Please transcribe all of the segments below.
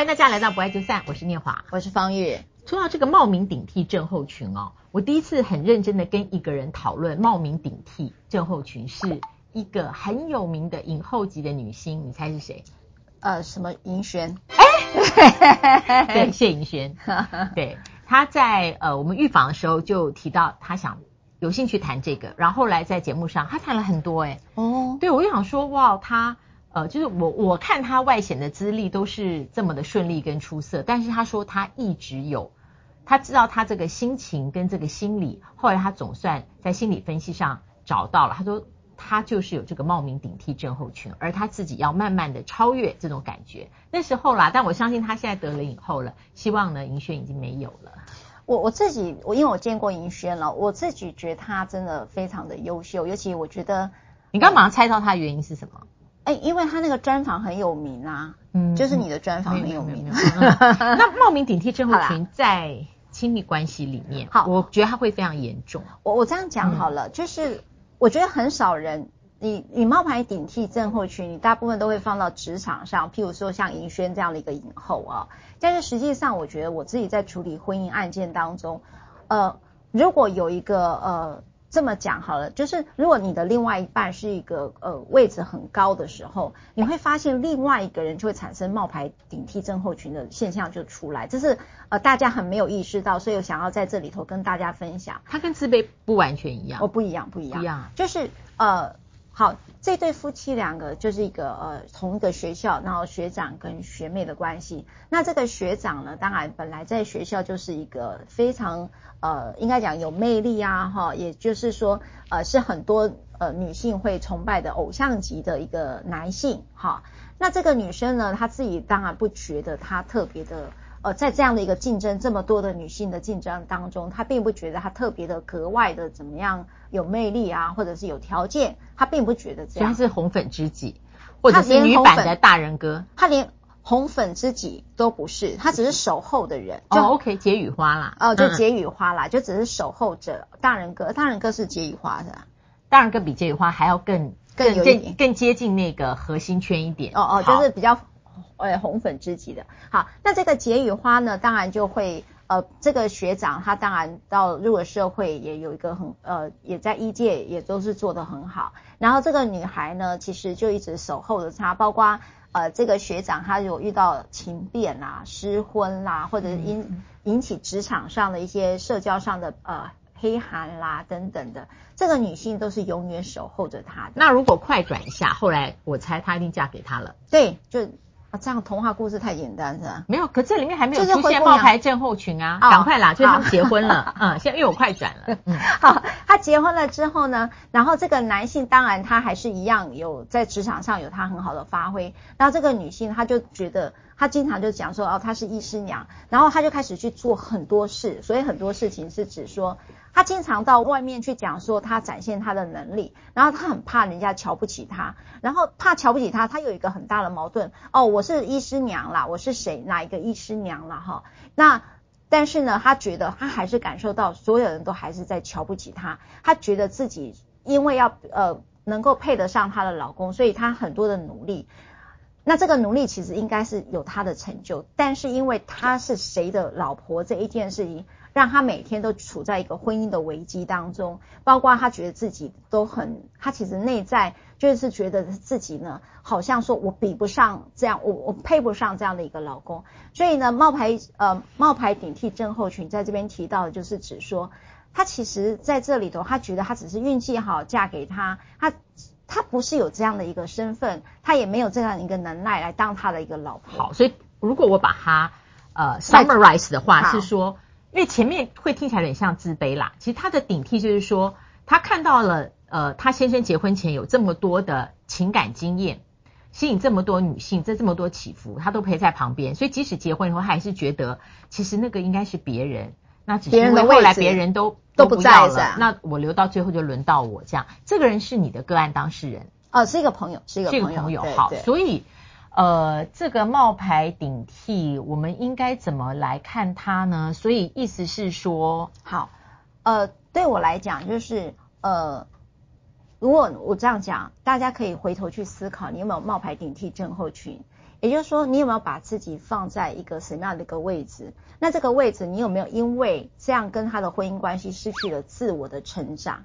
歡迎大家來到不愛就散，我是念華，我是芳玉。說到這個冒名頂替症候群哦，我第一次很認真的跟一個人討論冒名頂替症候群，是一個很有名的影后級的女星，你猜是誰？呃，什麼軒？盈萱、欸？哎， 對，謝盈萱。 對，她在呃我們預防的時候就提到她想有興趣談這個，然後，後來在節目上她談了很多哎、欸。哦，對我就想說哇，她。呃，就是我我看他外顯的資歷都是這麼的順利跟出色，但是他說他一直有，他知道他這個心情跟這個心理，後來他總算在心理分析上找到了。他說他就是有這個冒名頂替症候群，而他自己要慢慢的超越這種感覺。那時候啦，但我相信他現在得了影后了，希望呢銀軒已經沒有了。我我自己我因為我見過銀軒了，我自己覺得他真的非常的優秀，尤其我覺得你剛剛馬上猜到他原因是什麼？誒，因為他那個專訪很有名啊，嗯，就是你的專訪很有名。那冒名頂替症候群在親密關係裡面，好啦，我覺得他會非常嚴重。我我這樣講好了，嗯、就是我覺得很少人，你你冒牌頂替症候群，你大部分都會放到職場上，譬如說像尹萱這樣的一個影后啊。但是實際上，我覺得我自己在處理婚姻案件當中，呃，如果有一個呃。這麼講好了，就是如果你的另外一半是一個呃，位置很高的時候，你會發現另外一個人就會產生冒牌頂替症候群的現象就出來，這是呃，大家很沒有意識到，所以我想要在這裡頭跟大家分享。它，跟自卑不完全一樣，哦，不一樣，不一樣，不一樣就是呃。好，這對夫妻兩個就是一個呃同一個學校，然後學長跟學妹的關係。那這個學長呢，當然本來在學校就是一個非常呃，應該講有魅力啊，哈，也就是說呃是很多呃女性會崇拜的偶像級的一個男性，哈。那這個女生呢，她自己當然不覺得她特別的。呃，在這樣的一個競爭，這麼多的女性的競爭當中，她並不覺得她特別的、格外的怎麼樣有魅力啊，或者是有條件，她並不覺得這樣。他是紅粉知己，或者是女版的大仁哥？他連紅粉知己都不是，他只是守候的人。就、哦、OK，解語花啦。哦、呃，就解語花啦，嗯嗯就只是守候者。大仁哥，大仁哥是解語花的。大仁哥比解語花還要更更接近更，更接近那個核心圈一點。哦哦，哦好就是比較。呃、哎，紅粉知己的好，那這個解語花呢，當然就會呃，這個學長他當然到入了社會，也有一個很呃，也在醫界也都是做得很好。然後這個女孩呢，其實就一直守候着她，包括呃，這個學長他有遇到情變啦、失婚啦，或者是引嗯嗯引起職場上的一些社交上的呃黑函啦等等的，這個女性都是永遠守候着他。那如果快轉一下，後來我猜她一定嫁給他了。對，就。啊，這樣童話故事太簡單是吧？沒有，可這裡面還沒有出現冒牌症候群啊，趕快啦，哦、就他們結婚了，哦、嗯，現在又有快轉了， 嗯，好。他結婚了之後呢，然後這個男性當然他還是一樣有在職場上有他很好的發揮，然後這個女性她就覺得，她經常就講說哦，她是醫師娘，然後她就開始去做很多事，所以很多事情是指說她經常到外面去講說，她展現她的能力，然後她很怕人家瞧不起她，然後怕瞧不起她，她有一個很大的矛盾哦，我是醫師娘啦，我是誰哪一個醫師娘了，齁、哦、那。但是呢，她覺得她還是感受到所有人都還是在瞧不起她。她覺得自己因為要呃能夠配得上她的老公，所以她很多的努力。那這個努力其實應該是有她的成就，但是因為她是誰的老婆這一件事情。讓他每天都處在一個婚姻的危機當中，包括他覺得自己都很，他其實內在就是覺得自己呢，好像說我比不上這樣，我我配不上這樣的一個老公。所以呢，冒牌呃冒牌頂替症候群在這邊提到的就是，指說他其實在這裡頭，他覺得他只是運氣好嫁給他，他他不是有這樣的一個身份，他也沒有這樣一個能耐來當他的一個老婆。好，所以如果我把她呃 summarize 的話，是說。因為前面會聽起來有點像自卑啦，其實他的頂替就是說，他看到了，呃，他先生結婚前有這麼多的情感經驗，吸引這麼多女性，這這麼多起伏，他都陪在旁邊，所以即使結婚以後，他還是覺得其實那個應該是別人，那只是因為後來別人都別人都不在都不在了，那我留到最後就輪到我這樣。這個人是你的個案當事人？哦，是一個朋友。是一個朋友。這個朋友，好，所以。呃，這個冒牌頂替，我們應該怎麼來看它呢？所以意思是說，好，呃，對我來講，就是呃，如果我這樣講，大家可以回頭去思考，你有沒有冒牌頂替症候群？也就是說，你有沒有把自己放在一個什麼樣的一個位置？那這個位置，你有沒有因為這樣跟他的婚姻關係失去了自我的成長？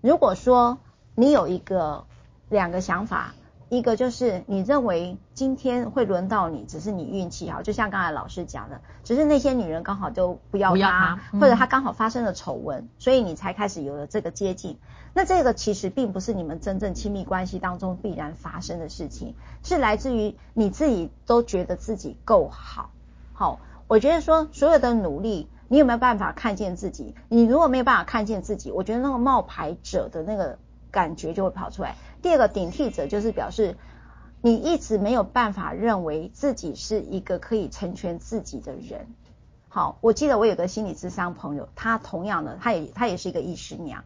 如果說你有一個兩個想法。一個就是你認為今天會輪到你，只是你運氣好，就像剛才老師講的，只是那些女人剛好都不要他，不要她嗯、或者他剛好發生了醜聞，所以你才開始有了這個接近。那這個其實並不是你們真正親密關係當中必然發生的事情，是來自於你自己都覺得自己夠好。好、哦，我覺得說所有的努力，你有沒有辦法看見自己？你如果沒有辦法看見自己，我覺得那個冒牌者的那個感覺就會跑出來。第二個頂替者就是表示你一直沒有辦法認為自己是一個可以成全自己的人。好，我記得我有個心理諮商朋友，他同樣的，他也他也是一個醫師娘，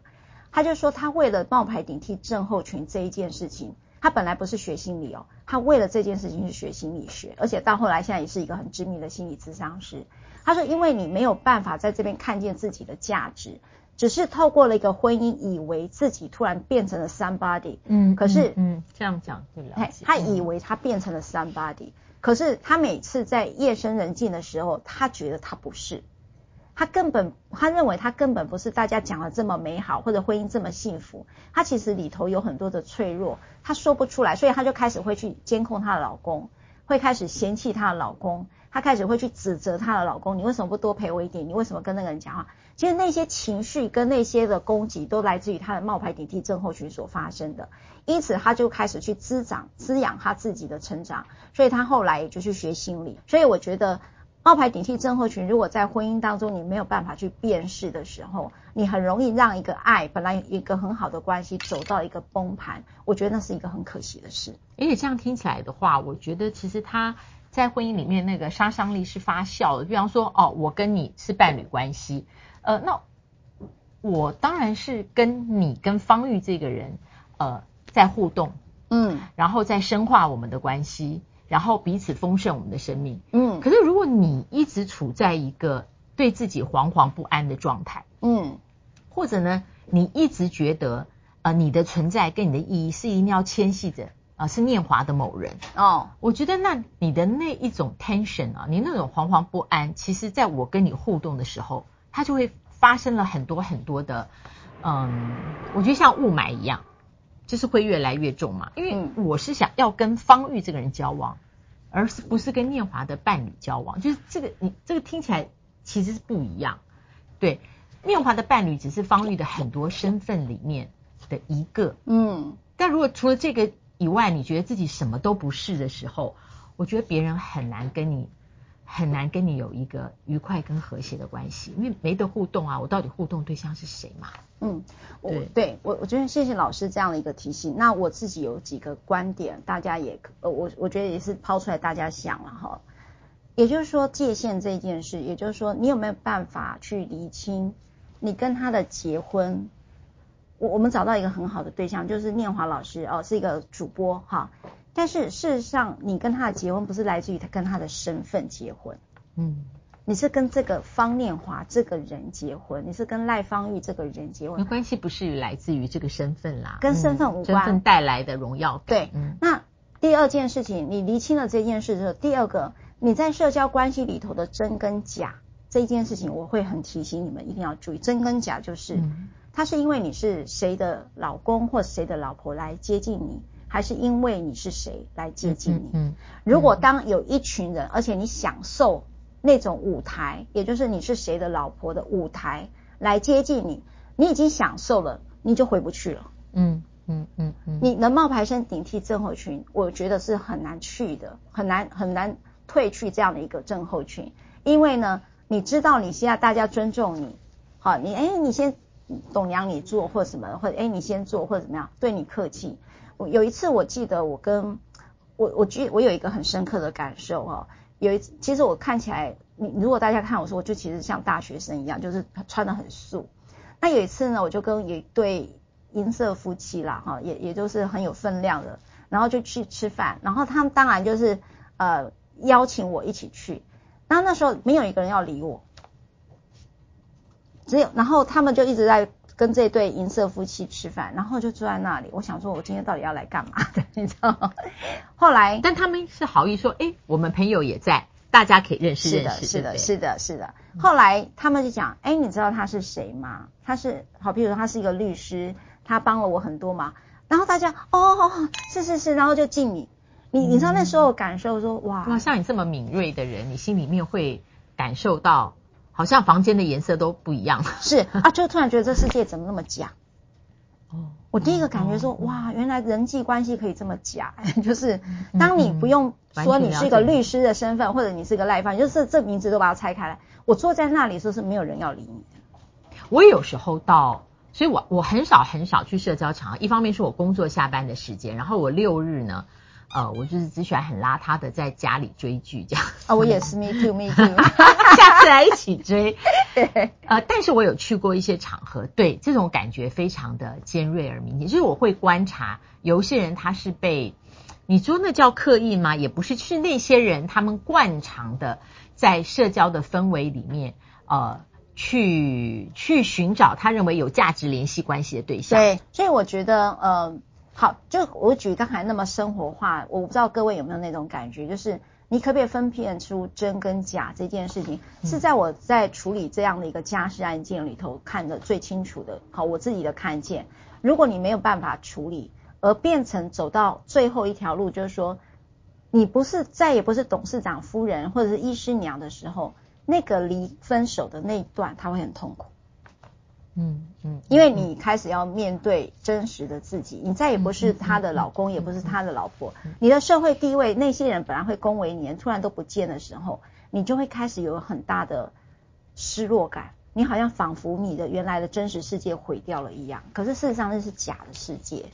他就說他為了冒牌頂替症候群這一件事情，他本來不是學心理哦，他為了這件事情是學心理學，而且到後來現在也是一個很知名的心理諮商師。他說，因為你沒有辦法在這邊看見自己的價值。只是透過了一個婚姻，以為自己突然變成了 somebody。嗯，可是，嗯，嗯，這樣講你了解。他以為他變成了 somebody，嗯，可是他每次在夜深人靜的時候，他覺得他不是，他根本，他認為他根本不是大家講的這麼美好，或者婚姻這麼幸福。他其實裡頭有很多的脆弱，他說不出來，所以他就開始會去監控她的老公，會開始嫌棄她的老公，她開始會去指責她的老公，你為什麼不多陪我一點？你為什麼跟那個人講話？其實那些情緒跟那些的攻擊都來自於他的冒牌頂替症候群所發生的，因此他就開始去滋長、滋養他自己的成長，所以他後來也就去學心理。所以我覺得，冒牌頂替症候群如果在婚姻當中你沒有辦法去辨識的時候，你很容易讓一個愛本來有一個很好的關係走到一個崩盤，我覺得那是一個很可惜的事。而且這樣聽起來的話，我覺得其實他。在婚姻裡面，那個殺傷力是發酵的。比方說，哦，我跟你是伴侶關係，呃，那我當然是跟你跟芳玉這個人，呃，在互動，嗯，然後再深化我們的關係，然後彼此豐盛我們的生命，嗯。可是如果你一直處在一個對自己惶惶不安的狀態，嗯，或者呢，你一直覺得，呃，你的存在跟你的意義是一定要牽繫着。啊，是念華的某人哦。我覺得那你的那一種 tension 啊，你那種惶惶不安，其實在我跟你互動的時候，它就會發生了很多很多的，嗯，我覺得像霧霾一樣，就是會越來越重嘛。嗯、因為我是想要跟芳玉這個人交往，而是不是跟念華的伴侶交往？就是這個，你這個聽起來其實是不一樣。對，念華的伴侶只是芳玉的很多身份裡面的一個。嗯，但如果除了這個以外，你覺得自己什麼都不是的時候，我覺得別人很難跟你很難跟你有一個愉快跟和諧的關係，因為沒得互動啊。我到底互動對象是誰嘛？嗯，我對我我覺得謝謝老師這樣的一個提醒。那我自己有幾個觀點，大家也可呃我我覺得也是拋出來大家想了哈。也就是說，界限這件事，也就是說，你有沒有辦法去釐清你跟他的結婚？我我們找到一個很好的對象，就是念華老師哦，是一個主播哈。但是事實上，你跟他的結婚不是來自於他跟他的身份結婚，嗯，你是跟這個方念華這個人結婚，你是跟賴芳玉這個人結婚，關係，不是來自於這個身份啦，跟身份無關、嗯，身份帶來的榮耀感。對，嗯、那第二件事情，你釐清了這件事之後，第二個你在社交關係裡頭的真跟假這一件事情，我會很提醒你們一定要注意，真跟假就是。嗯他是因為你是誰的老公或誰的老婆來接近你，還是因為你是誰來接近你？嗯，如果當有一群人，而且你享受那種舞台，也就是你是誰的老婆的舞台來接近你，你已經享受了，你就回不去了。嗯嗯嗯。嗯嗯嗯，你能冒名頂替症候群，我覺得是很難去的，很難很難退去這樣的一個症候群，因為呢，你知道你現在大家尊重你，好，你哎、欸，你先。董娘，你做或什麼，或者哎、欸，你先做或者怎麼樣，對你客氣。我有一次我記得，我跟我，我記，我有一個很深刻的感受哈、哦。有一次，其實我看起來，你如果大家看我說，我就其實像大學生一樣，就是穿得很素。那有一次呢，我就跟一對銀色夫妻啦哈、哦，也也就是很有分量的，然後就去吃飯，然後他們當然就是呃邀請我一起去，那那時候沒有一個人要理我。只有，然後他們就一直在跟這對銀色夫妻吃飯，然後就坐在那裡。我想說，我今天到底要來幹嘛的？ 你知道嗎？後來，但他們是好意說，哎、欸，我們朋友也在，大家可以認識認識，是的，是的，是的，是的。嗯、後來他們就講，哎、欸，你知道他是誰嗎？他是好，比如說他是一個律師，他幫了我很多忙。然後大家哦，是是是，然後就敬你，你你知道那時候感受說哇，嗯、哇，像你這麼敏銳的人，你心裡面會感受到。好像房間的顏色都不一樣， 是啊，就突然覺得這世界怎麼那麼假？哦，我第一個感覺說，哇，原來人際關係可以這麼假， 就是當你不用說你是一個律師的身份，嗯、或者你是一個賴芳，就是這名字都把它拆開來，我坐在那裡說是沒有人要理你的。我有時候到，所以我我很少很少去社交場，一方面是我工作下班的時間，然後我六日呢。呃，我就是只喜歡很邋遢的在家裡追劇這樣啊，我也是 ，me too，me too，, me too. 下次來一起追。呃，但是我有去過一些場合，對這種感覺非常的尖銳而明顯，就是我會觀察，有一些人他是被，你說那叫刻意嗎？也不是，是那些人他們慣常的在社交的氛圍裡面，呃，去去尋找他認為有價值聯繫關係的對象。對，所以我覺得呃。好，就我舉剛才那麼生活化，我不知道各位有沒有那種感覺，就是你可不可以分辨出真跟假這件事情，是在我在處理這樣的一個家事案件裡頭看得最清楚的。好，我自己的看見，如果你沒有辦法處理，而變成走到最後一條路，就是說你不是再也不是董事長夫人或者是醫師娘的時候，那個離分手的那一段，他會很痛苦。嗯嗯，因為你開始要面對真實的自己，你再也不是他的老公，也不是他的老婆，你的社會地位，那些人本來會恭維你，突然都不見的時候，你就會開始有很大的失落感，你好像仿佛你的原來的真實世界毀掉了一樣，可是事實上那是假的世界，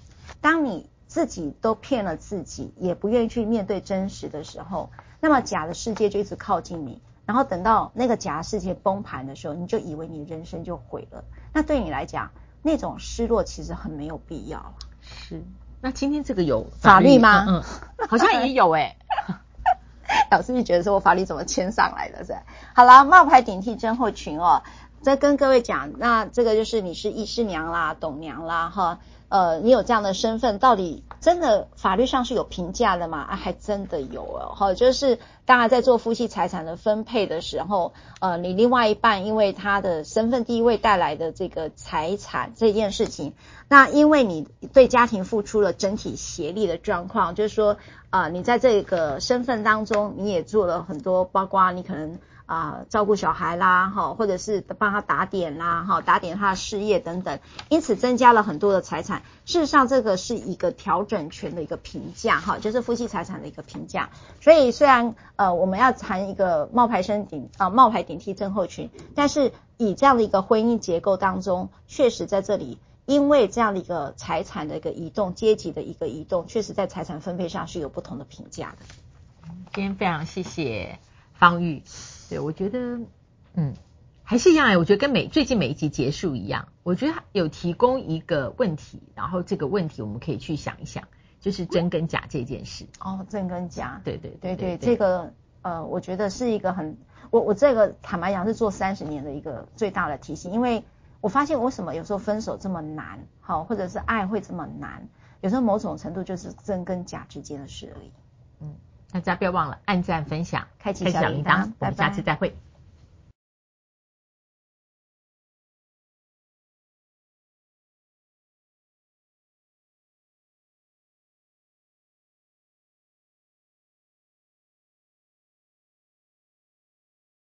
當你自己都騙了自己，也不願意去面對真實的時候，那麼假的世界就一直靠近你。然後等到那個假世界崩盤的時候，你就以為你人生就毀了。那對你來講，那種失落其實很沒有必要。是，那今天這個有法律，法律嗎嗯？嗯，好像也有誒，老師， 你覺得說我法律怎麼牽上來的？是。好了，冒牌頂替症候群哦。再跟各位講，那這個就是你是醫師娘啦、董娘啦，哈，呃，你有這樣的身份，到底真的法律上是有評價的嗎、啊？還真的有哦，哈，就是大家在做夫妻財產的分配的時候，呃，你另外一半因為他的身份地位帶來的這個財產這件事情，那因為你對家庭付出了整體協力的狀況，就是說，啊、呃，你在這個身份當中，你也做了很多，包括，你可能。啊，照顧小孩啦，哈，或者是幫他打點啦，哈，打點他的事業等等，因此增加了很多的財產。事實上，這個是一個調整權的一個評價，哈，就是夫妻財產的一個評價。所以，雖然呃，我們要談一個冒牌生頂，啊，冒牌頂替症候群，但是以這樣的一個婚姻結構當中，確實在這裡，因為這樣的一個財產的一個移動，階級的一個移動，確實在財產分配上是有不同的評價的。今天非常謝謝芳玉。對，我覺得，嗯，還是一樣哎，我覺得跟每最近每一集結束一樣，我覺得有提供一個問題，然後這個問題我們可以去想一想，就是真跟假這件事。哦，真跟假，對，對對對對，對對這個呃，我覺得是一個很，我我這個坦白講是做三十年的一個最大的提醒，因為我發現為什麼有時候分手這麼難，好，或者是愛會這麼難，有時候某種程度就是真跟假之間的事而已，嗯。大家不要忘了按讚、分享、開啟小鈴鐺，我們下次再會。拜拜